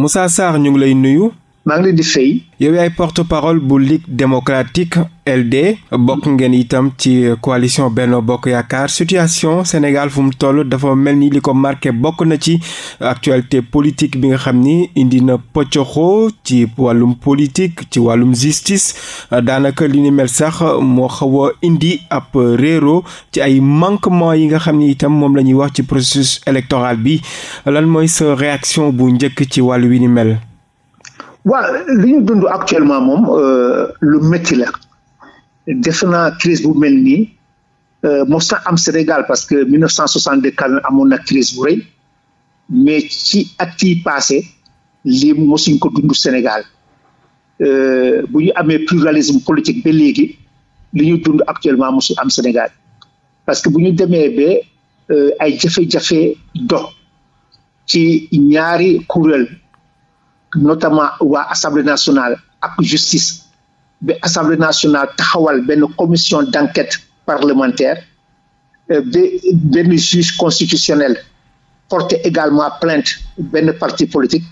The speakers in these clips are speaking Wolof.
Moussa Sarr ñu ngi lay nuyu maa di fay. yow yaay porte-parole bu Ligue démocratique LD bokk ngeen itam ci coalition benn Bokk Yaakaar situation Sénégal fu mu toll dafa mel ni li ko marqué bokk na ci actualité politique bi nga xam ni indi na poccoxoo ci wàllum politique ci wàllum justice daanaka li ni mel sax moo xaw indi ab réero ci ay manquement yi nga xam ni itam moom la ñuy wax ci processus électoral bi lan mooy sa réaction bu njëkk ci wàll wi ni mel. waaw li ñu dund actuellement moom euh, lu métti la defe naa crise bu mel nii euh, mos na am Sénégal parce que 1964 amoon na crise bu rëy mais ci at yi passé lii mosuñ ko dund Sénégal euh, bu ñu amee pluralisme politique be léegi li ñu dund actuellement mosu am Sénégal parce que bu ñu demee ba ay jafe-jafe dox ci ñaari kuréel notamment waa assemblée nationale ak justice ba assemblée nationale taxawal benn commission d' enquête parlementaire euh, ba benn juge constitutionnel porte également plainte benn partie politique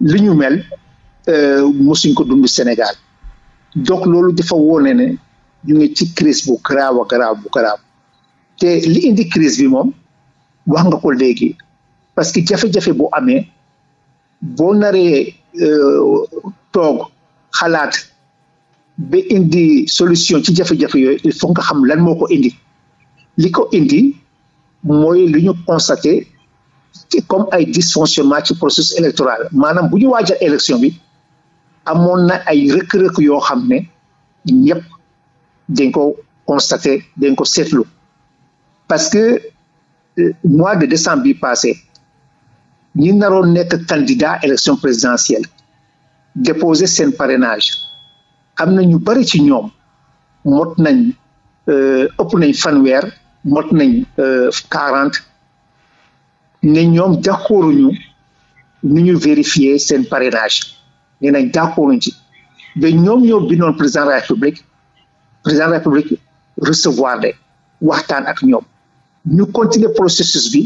li ñu mel euh, mosuñ ko dund Sénégal donc loolu dafa wone ne ñu ngi ci crise bu garaaw a garaaw bu garaaw te li indi crise bi moom wax nga ko léegi parce que jafe-jafe bu amee boo naree euh, toog xalaat ba indi solution ci jafe-jafe yooyu il faut nga xam lan moo ko indi li ko indi mooy lu ñu constaté comme ay dysfonctionnement ci processus électoral maanaam bu ñu waajal élection bi amoon na ay rëkk-rëkk yoo xam ne ñëpp dañ ko constaté dañ ko seetlu parce que euh, mois de décembre bi passé ñi naroon nekk candidat élection présidentielle déposer seen parrainage am na ñu bari ci ñoom mot nañ euh, ëpp nañ fanweer mot nañ euh, quarante ne ñoom d'accorduñu ñu ñu vérifier seen parrainage ne nañ d'accorduñ ci ba ñoom ñoo bindoon président de la république président de la république recevoir de waxtaan ak ñoom ñu continuer processus bi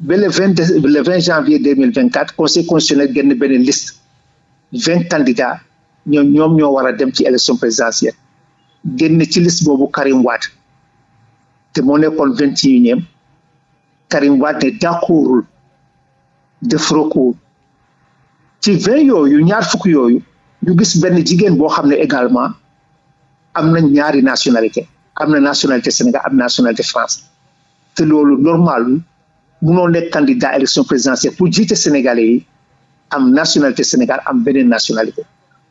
ba le vingt le vingt janvier deux mille vingt quatre conseil constitutionnel génn benn liste vingt candidats ñoom ñoom ñoo war a dem ci élection présidentielle génn ci liste boobu Karim Wade te moo nekkoon vingt et unième Karim Wade ne d'accordul def recours ci vingt yooyu ñaar fukk yooyu ñu gis benn jigéen boo xam ne également am na ñaari nationalité am na nationalité Sénégal am nationalité France te loolu normal munoo nekk candidat élection présidentielle pour jite sénégalais yi am nationalité Sénégal am beneen nationalité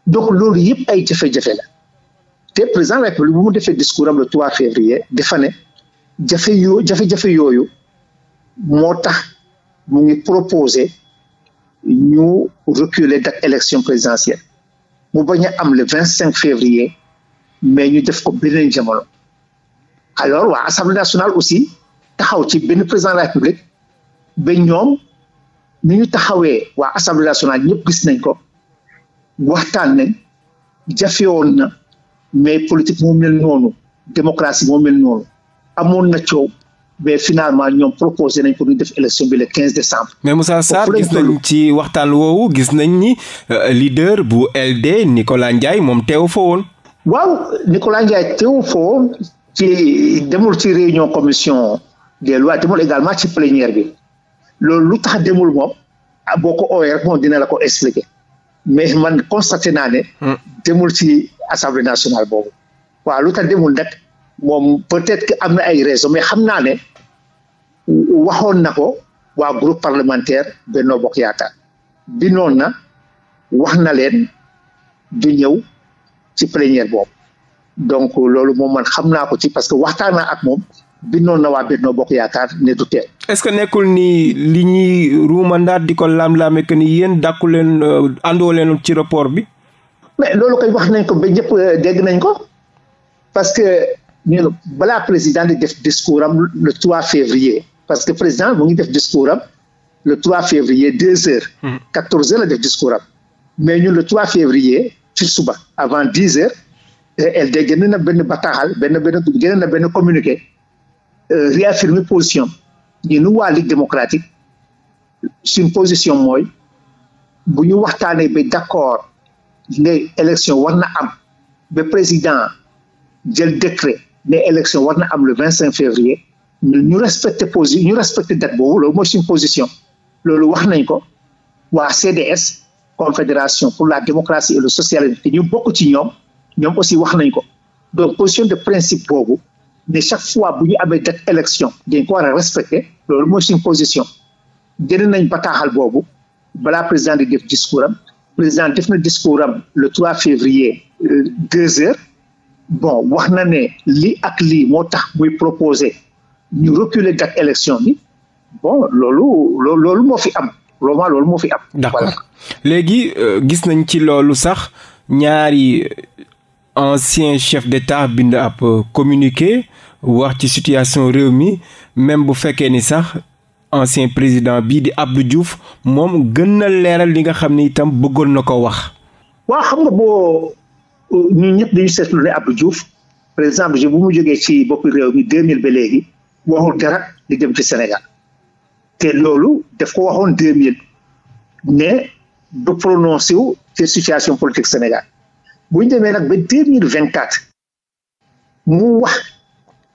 donc loolu yëpp ay jafe-jafe la te président République bu mu defee discours am le 3 février dafa ne jafe yoo jafe-jafe yooyu moo tax mu ngi proposé ñu reculer date élection présidentielle mu bañ a am le 25 février mais ñu def ko beneen jamono alors waa assemblée nationale aussi taxaw ci benn président la République be ñoom ni ñu taxawee waa assemblée nationale ñëpp gis nañ ko waxtaan nañ jafewoon na mais politique moo mel noonu démocratie moo mel noonu amoon na coow mais finalement ñoom proposé nañ pour ñu def élection bi le quinze décembre. mais Moussa Sarr gis nañ ci waxtaan woowu gis nañ ni euh, leader bu LD Nicolas Ndiaye moom teewu fa woon. waaw Nicolas Ndiaye teew fa woon ci demul ci réunion commission des lois demul également ci plénière bi loolu lu tax demul moom ah, boo ko oowee rek moom dina la ko expliquer mais man constaté naa ne. Hmm. demul ci assemblée nationale boobu. waaw lu tax demul nag moom peut-être que am na ay raisons mais xam naa ne waxoon na ko waa groupe parlementaire Benno Bokk Yaakaar bi noon na wax na leen du ñëw ci plénière boobu donc loolu moom man xam naa ko ci parce que waxtaan naa ak moom. bindoon na waa Benno Bokk Yaakaar ne du tee. est-ce que nekkul ni li ñuy ruumandaat di ko laam-laame que ni yéen dàkku leen euh, àndoo leen ci rapport bi. mais loolu kay wax nañ ko ba ñëpp euh, dégg nañ ko parce que ñun balaa président di def discours am le 3 février parce que président mu ngi def discours am le trois février 2 heures. 14 hmm. heures la def discours am mais ñun le 3 février ci suba avant 10 heures euh, elle de génn na benn bataaxal benn benn génn benn communiqué. euh, réaffirmer position ñu nu waa Ligue démocratique suñ position mooy bu ñu waxtaanee ba d'accord ne élection war na am ba président jël décret ne élection war na am le vingt cinq février ñu respecté posi ñu respecté date boobu loolu mooy suñu position loolu wax nañ ko waa CDS confédération pour la démocratie et le socialisme te ñu bokk ci ñoom ñoom aussi wax nañ ko donc position de principe boobu ne chaque fois bu ñu amee date élection dañ ko war a respecté loolu mooy suñu position jënd nañ bataaxal boobu balaa président di def discours am président def na discours am le 3 février euh, deux heures bon wax na ne lii ak lii moo tax muy proposé ñu reculer date élection bi bon loolu loolu moo fi am vraiment loolu moo fi am. d'accord léegi euh, gis nañ ci loolu sax ñaari ancien chef d'État bind ab euh, communiqué wax ci situation réew mi même bu fekkee ni sax ancien président bii di Abdou juuf moom gën na leeral li nga xam ni itam bëggoon na ko wax. waa xam nga boo euh, ñun ñëpp dañu seetlu ne Abdou Diouf par exemple je bu mu jógee ci boppu réew mi 2000 ba léegi waxul dara li jëm ci Sénégal te loolu def ko waxoon 2000 mais du prononcé wu ci politique Sénégal. bu ñu nag ba deux mille vingt mu wax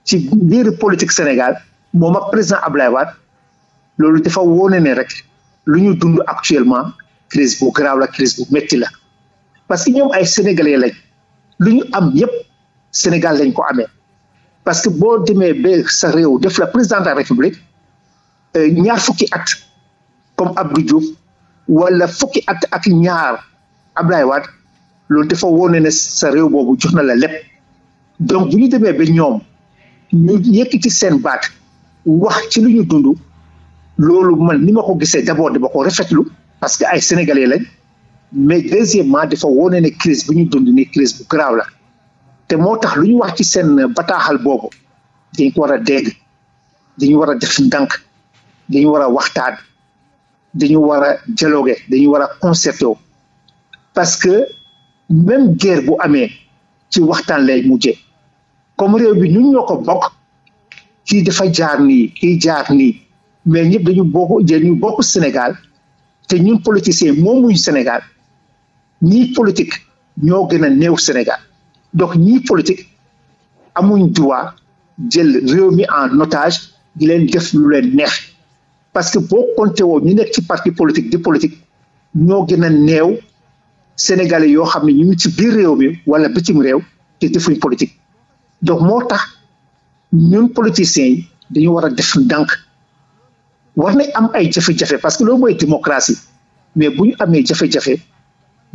ci biir politique Sénégal moom ak président Ablaye Wade loolu dafa wóone ne rek lu ñu dund actuellement crise bu grave la crise bu métti la parce que ñoom ay sénégalais lañ lu ñu am yépp Sénégal lañ ko amee parce que boo demee ba sa réew def la président de la république euh, ñaar fukki at comme Abdou Diouf wala fukki at ak ñaar Ablaye Wade loolu dafa wone ne sa réew boobu jox na la lépp donc bu ñu demee ba ñoom ñu ci seen baat wax ci lu ñu dund loolu man ni ma ko gisee d'abord dama ko rafetlu parce que ay sénégalais lañ mais deuxièmement dafa wone ne crise bu ñu dund ni crise bu grave la te moo tax lu ñu wax ci seen bataaxal boobu dañ ko war a dégg dañu war a def ndànk dañu war a waxtaan dañu war a dialoguer dañu war a concerté parce que même guerre bu amee ci waxtaan lay mujje comme réew bi ñun ñoo ko bokk kii dafa jaar ni kii jaar nii mais ñëpp dañu bokk jël ñu bokk Sénégal te ñun politiciens moomuñu Sénégal ñii politique ñoo gën a néew Sénégal donc ñii politique amuñ droit jël réew mi en otage di leen def lu leen neex parce que boo compté woo ñu nekk ci parti politique di politique ñoo gën a néew sénégalais yoo xam ne ñu ngi ci biir réew mi wala bitim réew te defuñ politique donc moo tax ñun politiciens yi dañu war a def ndànk war nañ am ay jafe-jafe parce que loolu mooy démocratie mais bu ñu amee jafe-jafe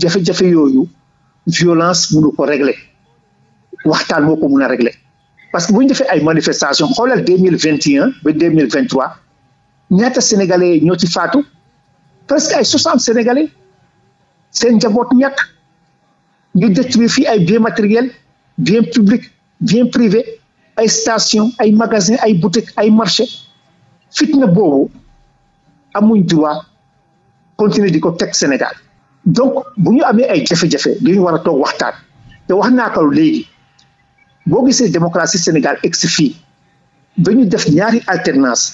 jafe yooyu violence mënu ko régler waxtaan moo ko mun a régler parce que bu jafe ay manifestation xoolal deux mille vingt et un ba deux mille vingt trois ñaata sénégalais ñoo ci faatu que ay soixante sénégalais. seen njaboot ñàkk ñu détruire fii ay biens matériels biens publics biens privés ay station ay magasins ay boutiques ay marchés fitna boobu amuñ droit continuer di ko teg Sénégal donc bu ñu amee ay jafe-jafe dañu war a toog waxtaan te wax naa ko léegi boo gisee démocratie Sénégal ex si fii ba ñu def ñaari alternance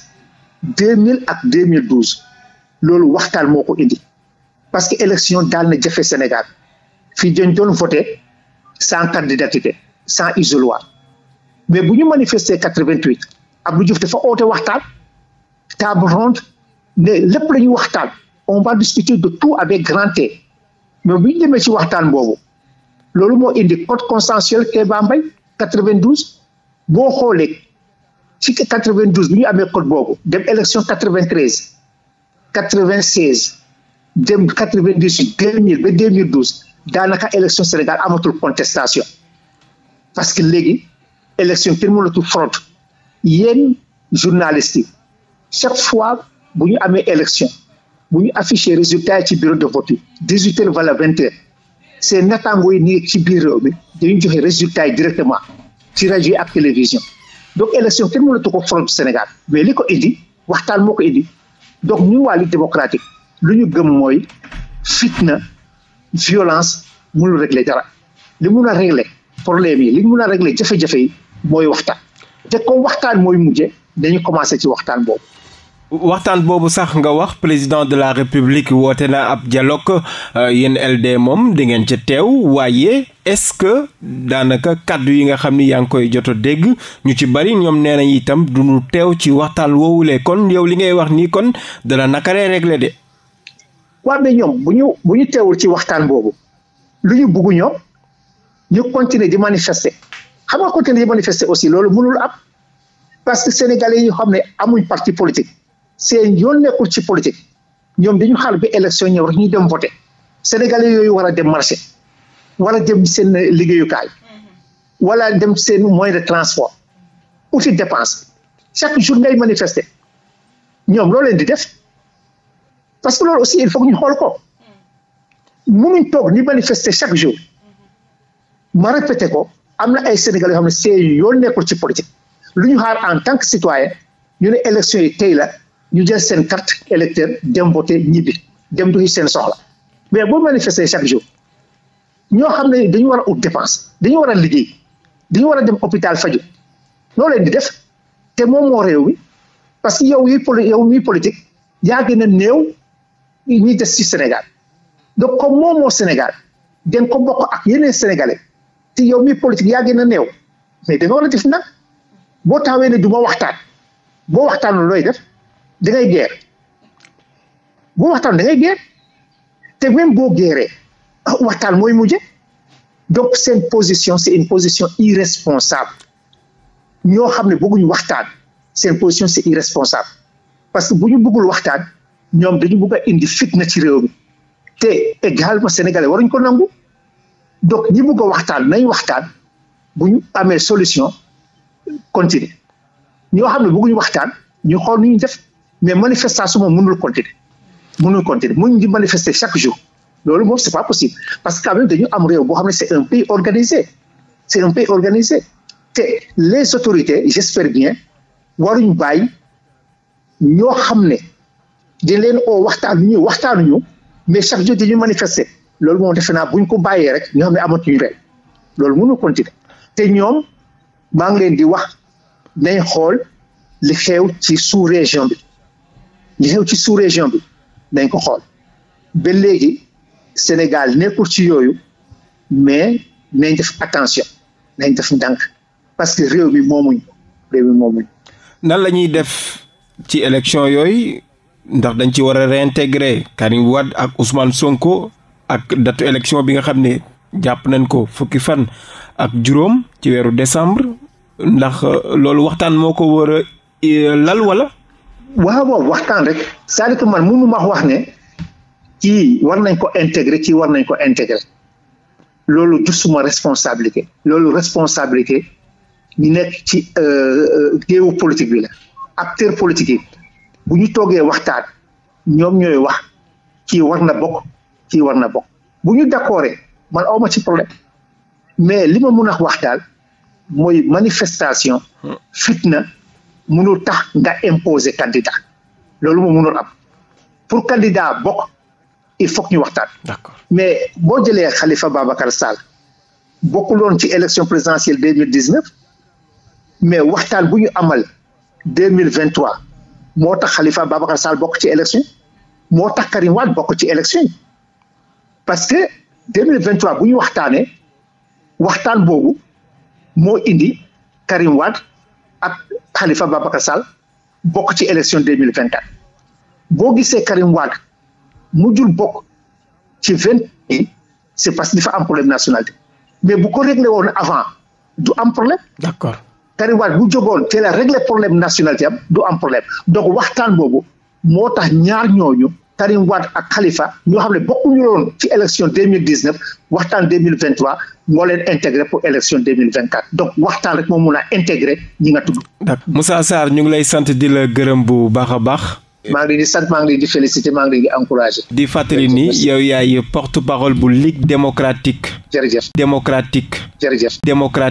2000 ak 2012 loolu waxtaan moo ko indi. parce que élection daal na jafe Sénégal fii dañ doon voté sans candidature sans isoloir mais bu ñu manifester quatre-vingt-huit Abdou Diouf dafa waxtaan table ronde ne lépp la ñu waxtaan on va discuter de tout avec grand T mais bu ñu demee ci waxtaan boobu loolu moo indi code consensuel Kéba ba quatre-vingt-douze boo xoolee ci quatre vingt bi ñu amee code boobu dem élection quatre-vingt-treize quatre-vingt-seize dem quatre vingt dix deux mille ba deux mille douze daanaka élection Sénégal amatul contestation parce que léegi élection kenn mënatul fraude yéen journalistes yi chaque fois bu ñu amee élection bu ñu afficier résultat ci bureau de vote yi dix huit heures wala yi nii ci biir réew mi dañu joxe résultat directement ci rajo yi ak télévision donc élection kenn mënatu ko fraude Sénégal mais li ko indi waxtaan moo ko indi donc ñun waa démocratique lu ñu gëm mooy fitna violence mënul régler dara li mun a régler problème yi li mun a régler jafe-jafe yi mooy waxtaan te comme waxtaan mooy mujje dañu commencé ci waxtaan boobu waxtaan boobu sax nga wax président de la république woote na ab dialogue euh, yéen LD moom di ngeen ca teew waaye est-ce que daanaka kàddu yi nga xam ni yaa ngi koy joto dégg ñu ci bari ñoom nee nañ itam du ñu teew ci waxtaan woowulee kon yow li ngay wax nii kon dana nakaree régler de waaw mais ñoom bu ñu bu ñu teewul ci waxtaan boobu lu ñu bugg ñoom ñu continuer di manifester xam nga continuer di manifester aussi loolu mënul am parce que sénégalais yi xam ne amuñ parti politique seen yoon nekkul ci politique ñoom dañu xaar bi élection ñëw rek ñu dem voter sénégalais yooyu war a dem marché wala dem seen liggéeyukaay wala dem seen moyen de transport outil dépense chaque jour ngay manifester ñoom loo leen di def. parce que loolu aussi il faut ñu xool ko mu mënuñ toog ñu manifester chaque jour ma répété ko am na ay Sénégalais yoo xam ne seen yoon nekkul ci politique lu xaar en tant que citoyen ñu ne élection yi tey la ñu jël seen carte électeur dem voté ñibbi dem doxi seen soxla mais boo manifester chaque jour ñoo xam ne dañu war a ut dépense dañu war a liggéey dañu war a dem hôpital faju loo leen di def te moom moo réew mi parce que yow yi yow mi politique yaa gën a néew ñi des ci Sénégal donc comme moomoo Sénégal da nga ko bokk ak yeneen sénégalais te yow mi politique yaa gën a néew mais da nga war a def nag boo taxawee ne du ma waxtaan boo waxtaanul looy def da ngay geer boo waxtaan da ngay geer te même boo geeree ah, waxtaan mooy mujje donc seen position c'est une position irresponsable ñoo xam ne bëgguñu waxtaan seen position c'est irresponsable parce que bu ñu bëggul waxtaan ñoom dañu bëgg a indi fitna ci réew mi te également sénégalais waruñ ko nangu donc ñi bëgg waxtaan nañ waxtaan bu ñu amee solution continuer ñoo xam ne bëgguñu waxtaan ñu xool nu ñu def mais manifestation moom mënul continuer mënul continuer mënuñ di manifester chaque jour loolu moom c'est pas possible parce que quand dañu am réew boo xam ne c'est un pays organisé c'est un pays organisé te les autorités j'espère bien waruñ bàyyi ñoo xam ne di leen ñu waxtaan waxtaanuñu mais chaque jour dañuy manifester loolu moom defe naa bu ñu ko bàyyee rek ñoo xam ne amatuñu ren loolu mënu continuer te ñoom maa ngi leen di wax nañ xool li xeew ci sous région bi li xew ci sous région bi nañ ko xool ba léegi Sénégal nekkul ci yooyu mais nañ def attention nañ def ndànk parce que réew mi moomuñ réew mi moomuñ nan la ñuy def ci élection yooyu ndax dañ ci war a réintégrer Karim Wade ak Ousmane Sonko ak datu élection bi nga xam ne jàpp nañ ko fukki fan ak juróom ci weeru décembre ndax euh, loolu waxtaan moo ko war a euh, lal wala. waaw waaw waxtaan rek cest à man mënu ma wax ne kii war nañ ko intégrer kii war nañ ko intégrer loolu suma responsabilité loolu responsabilité ñu nekk ci euh, géewu politique bi la acteur politique yi bu ñu toogee waxtaan ñoom ñooy wax kii war na bokk kii war na bokk bu ñu d'accordé man awma ci problème mais li ma mun a wax daal mooy manifestation fitna mënul tax nga imposer candidat loolu moom mënul am pour candidat bokk il faut que ñu waxtaan mais boo jëlee xalifa Babacar Sall bokkuloon ci élection présidentielle deux mille dix mais waxtaan bu ñu amal deux mille vingt moo tax Khalifa Babacar Sall bokk ci élection moo tax Karim Wade bokk ci élection parce que 2023 bu ñu waxtaanee waxtaan boobu moo indi Karim Wade ak Khalifa Babacar Sall bokk ci élection 2024 boo gisee Karim mu jur bokk ci vingt yi c'est parce que fa am problème nationalité mais bu ko réglé woon avant du am problème. d'accord Karim Wade bu jógoon teel a régler problème nationalité am du am problème donc waxtaan boobu moo tax ñaar ñooñu Karim Wade ak Khalifa ñoo xam ne bokkuñu loon ci élection deux dix neuf waxtaan deux mille vingt moo leen intégré pour élection deux mille vingt quatre donc waxtaan rek moom mun a intégré ñi nga tudd. Moussa saar ñu ngi lay sant di la gërëm bu baax a baax. maa ngi di sant maa ngi di félicité maa ngi di encouragé. di fàttali ni yow yaay porte parole bu Ligue démocratique. jërëjëf démocratique. jërëjëf démocratique.